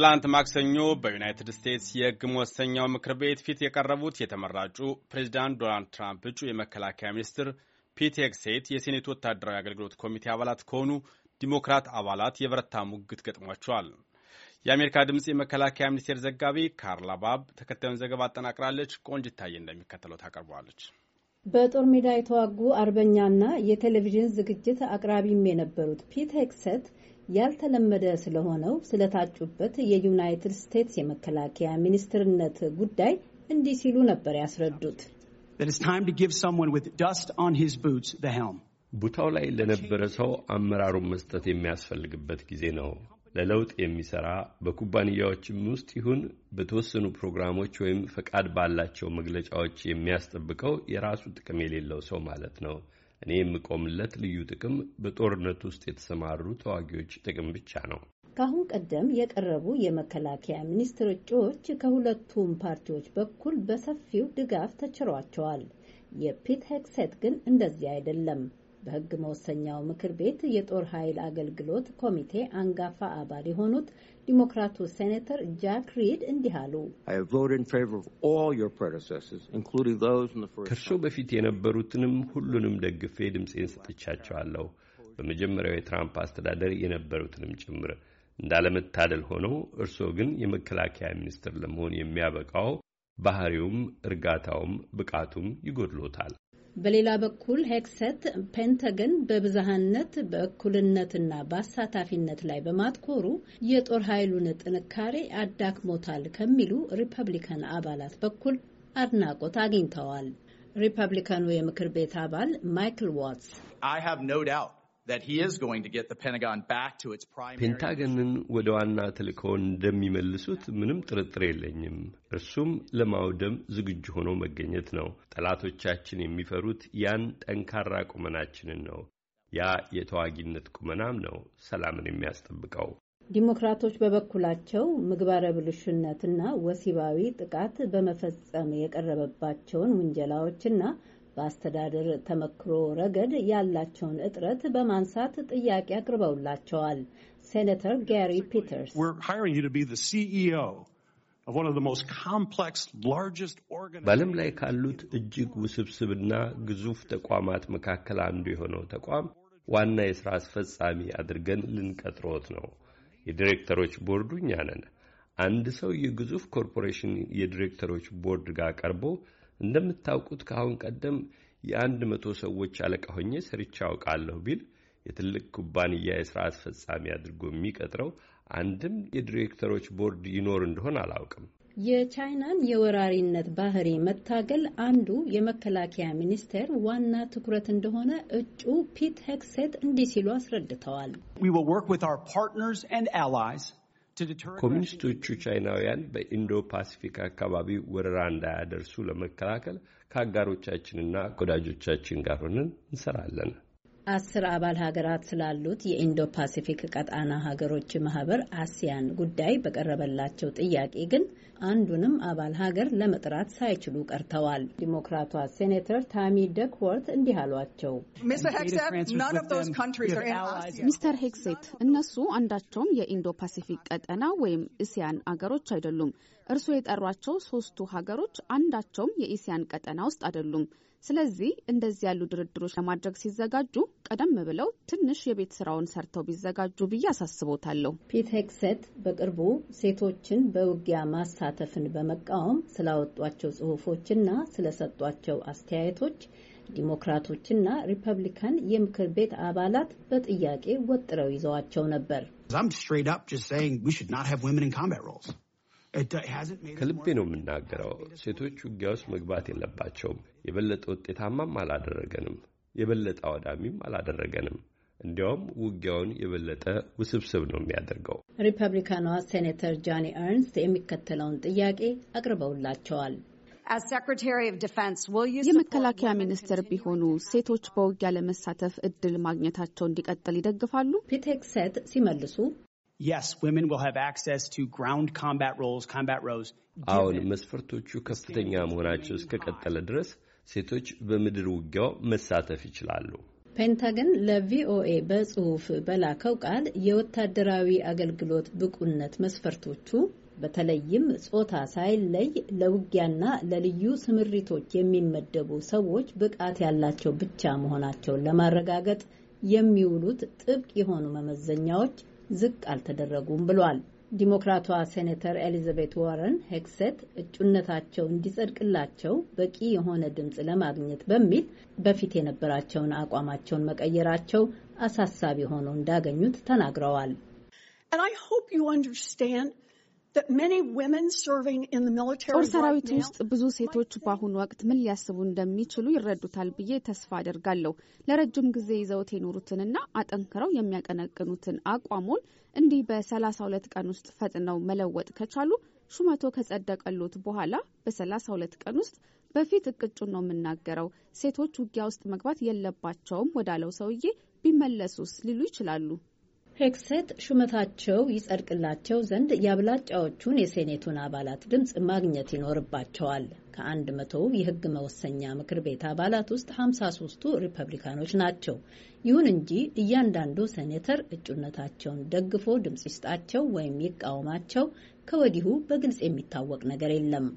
ትላንት ማክሰኞ በዩናይትድ ስቴትስ የሕግ መወሰኛው ምክር ቤት ፊት የቀረቡት የተመራጩ ፕሬዚዳንት ዶናልድ ትራምፕ እጩ የመከላከያ ሚኒስትር ፒት ሄግሴት የሴኔቱ ወታደራዊ አገልግሎት ኮሚቴ አባላት ከሆኑ ዲሞክራት አባላት የበረታ ሙግት ገጥሟቸዋል። የአሜሪካ ድምፅ የመከላከያ ሚኒስቴር ዘጋቢ ካርላ ባብ ተከታዩን ዘገባ አጠናቅራለች። ቆንጅታዬ እንደሚከተለው ታቀርበዋለች። በጦር ሜዳ የተዋጉ አርበኛና የቴሌቪዥን ዝግጅት አቅራቢም የነበሩት ፒት ሄግሴት ያልተለመደ ስለሆነው ስለታጩበት የዩናይትድ ስቴትስ የመከላከያ ሚኒስትርነት ጉዳይ እንዲህ ሲሉ ነበር ያስረዱት። ቡታው ላይ ለነበረ ሰው አመራሩን መስጠት የሚያስፈልግበት ጊዜ ነው። ለለውጥ የሚሰራ በኩባንያዎችም ውስጥ ይሁን በተወሰኑ ፕሮግራሞች ወይም ፈቃድ ባላቸው መግለጫዎች የሚያስጠብቀው የራሱ ጥቅም የሌለው ሰው ማለት ነው። እኔ የምቆምለት ልዩ ጥቅም በጦርነት ውስጥ የተሰማሩ ተዋጊዎች ጥቅም ብቻ ነው። ከአሁን ቀደም የቀረቡ የመከላከያ ሚኒስትር እጩዎች ከሁለቱም ፓርቲዎች በኩል በሰፊው ድጋፍ ተችሯቸዋል። የፒት ሄክሴት ግን እንደዚህ አይደለም። በሕግ መወሰኛው ምክር ቤት የጦር ኃይል አገልግሎት ኮሚቴ አንጋፋ አባል የሆኑት ዲሞክራቱ ሴኔተር ጃክ ሪድ እንዲህ አሉ። ከእርሶ በፊት የነበሩትንም ሁሉንም ደግፌ ድምፄን ሰጥቻቸዋለሁ፣ በመጀመሪያው የትራምፕ አስተዳደር የነበሩትንም ጭምር። እንዳለመታደል ሆኖ እርሶ ግን የመከላከያ ሚኒስትር ለመሆን የሚያበቃው ባህሪውም እርጋታውም ብቃቱም ይጎድሎታል። በሌላ በኩል ሄክሰት ፔንተገን በብዝሃነት በእኩልነትና በአሳታፊነት ላይ በማትኮሩ የጦር ኃይሉን ጥንካሬ አዳክሞታል ከሚሉ ሪፐብሊካን አባላት በኩል አድናቆት አግኝተዋል። ሪፐብሊካኑ የምክር ቤት አባል ማይክል ዋትስ ፔንታገንን ወደ ዋና ተልእኮው እንደሚመልሱት ምንም ጥርጥር የለኝም። እርሱም ለማውደም ዝግጁ ሆኖ መገኘት ነው። ጠላቶቻችን የሚፈሩት ያን ጠንካራ ቁመናችንን ነው። ያ የተዋጊነት ቁመናም ነው ሰላምን የሚያስጠብቀው። ዲሞክራቶች በበኩላቸው ምግባረ ብልሹነትና ወሲባዊ ጥቃት በመፈጸም የቀረበባቸውን ውንጀላዎችና በአስተዳደር ተመክሮ ረገድ ያላቸውን እጥረት በማንሳት ጥያቄ አቅርበውላቸዋል። ሴኔተር ጋሪ ፒተርስ e በዓለም ላይ ካሉት እጅግ ውስብስብና ግዙፍ ተቋማት መካከል አንዱ የሆነው ተቋም ዋና የሥራ አስፈጻሚ አድርገን ልንቀጥሮት ነው። የዲሬክተሮች ቦርዱ እኛ ነን። አንድ ሰው የግዙፍ ኮርፖሬሽን የዲሬክተሮች ቦርድ ጋር ቀርቦ እንደምታውቁት ከአሁን ቀደም የአንድ መቶ ሰዎች አለቃ ሆኜ ሰርቼ አውቃለሁ ቢል የትልቅ ኩባንያ የሥራ አስፈጻሚ አድርጎ የሚቀጥረው አንድም የዲሬክተሮች ቦርድ ይኖር እንደሆን አላውቅም። የቻይናን የወራሪነት ባህሪ መታገል አንዱ የመከላከያ ሚኒስቴር ዋና ትኩረት እንደሆነ እጩ ፒት ሄክሴት እንዲህ ሲሉ አስረድተዋል። ኮሚኒስቶቹ ቻይናውያን በኢንዶ ፓሲፊክ አካባቢ ወረራ እንዳያደርሱ ለመከላከል ከአጋሮቻችንና ከወዳጆቻችን ጋር ሆነን እንሰራለን። አስር አባል ሀገራት ስላሉት የኢንዶ ፓሲፊክ ቀጣና ሀገሮች ማህበር አሲያን ጉዳይ በቀረበላቸው ጥያቄ ግን አንዱንም አባል ሀገር ለመጥራት ሳይችሉ ቀርተዋል። ዲሞክራቷ ሴኔተር ታሚ ደክወርት እንዲህ አሏቸው። ሚስተር ሄክሴት እነሱ አንዳቸውም የኢንዶ ፓሲፊክ ቀጠና ወይም እስያን አገሮች አይደሉም። እርስዎ የጠሯቸው ሶስቱ ሀገሮች አንዳቸውም የኢስያን ቀጠና ውስጥ አይደሉም። ስለዚህ እንደዚህ ያሉ ድርድሮች ለማድረግ ሲዘጋጁ ቀደም ብለው ትንሽ የቤት ስራውን ሰርተው ቢዘጋጁ ብዬ አሳስቦታለሁ። ፒት ሄግሴት በቅርቡ ሴቶችን በውጊያ ማሳተፍን በመቃወም ስላወጧቸው ጽሁፎችና ስለሰጧቸው አስተያየቶች ዲሞክራቶችና ሪፐብሊካን የምክር ቤት አባላት በጥያቄ ወጥረው ይዘዋቸው ነበር። ከልቤ ነው የምናገረው። ሴቶች ውጊያ ውስጥ መግባት የለባቸውም። የበለጠ ውጤታማም አላደረገንም፣ የበለጠ አውዳሚም አላደረገንም። እንዲያውም ውጊያውን የበለጠ ውስብስብ ነው የሚያደርገው። ሪፐብሊካኗ ሴኔተር ጃኒ ኤርንስት የሚከተለውን ጥያቄ አቅርበውላቸዋል። የመከላከያ ሚኒስትር ቢሆኑ ሴቶች በውጊያ ለመሳተፍ እድል ማግኘታቸው እንዲቀጥል ይደግፋሉ? ፒቴክሰት ሲመልሱ yes, women will have access to ground combat roles, combat rows. አሁን መስፈርቶቹ ከፍተኛ መሆናቸው እስከቀጠለ ድረስ ሴቶች በምድር ውጊያው መሳተፍ ይችላሉ። ፔንታገን ለቪኦኤ በጽሁፍ በላከው ቃል የወታደራዊ አገልግሎት ብቁነት መስፈርቶቹ በተለይም ጾታ ሳይለይ ለውጊያና ለልዩ ስምሪቶች የሚመደቡ ሰዎች ብቃት ያላቸው ብቻ መሆናቸውን ለማረጋገጥ የሚውሉት ጥብቅ የሆኑ መመዘኛዎች ዝቅ አልተደረጉም ብሏል። ዲሞክራቷ ሴኔተር ኤሊዛቤት ዋረን ሄክሴት እጩነታቸው እንዲጸድቅላቸው በቂ የሆነ ድምፅ ለማግኘት በሚል በፊት የነበራቸውን አቋማቸውን መቀየራቸው አሳሳቢ ሆኖ እንዳገኙት ተናግረዋል። ጦር ሰራዊት ውስጥ ብዙ ሴቶች በአሁኑ ወቅት ምን ሊያስቡ እንደሚችሉ ይረዱታል ብዬ ተስፋ አደርጋለሁ። ለረጅም ጊዜ ይዘውት የኖሩትንና አጠንክረው የሚያቀነቅኑትን አቋሞን እንዲህ በሰላሳ ሁለት ቀን ውስጥ ፈጥነው መለወጥ ከቻሉ ሹመቶ ከጸደቀሎት በኋላ በሰላሳ ሁለት ቀን ውስጥ በፊት እቅጩን ነው የምናገረው፣ ሴቶች ውጊያ ውስጥ መግባት የለባቸውም ወዳለው ሰውዬ ቢመለሱስ ሊሉ ይችላሉ። ሄክሴት ሹመታቸው ይጸድቅላቸው ዘንድ የአብላጫዎቹን የሴኔቱን አባላት ድምፅ ማግኘት ይኖርባቸዋል። ከአንድ መቶው የሕግ መወሰኛ ምክር ቤት አባላት ውስጥ ሀምሳ ሶስቱ ሪፐብሊካኖች ናቸው። ይሁን እንጂ እያንዳንዱ ሴኔተር እጩነታቸውን ደግፎ ድምፅ ይስጣቸው ወይም ይቃወማቸው ከወዲሁ በግልጽ የሚታወቅ ነገር የለም።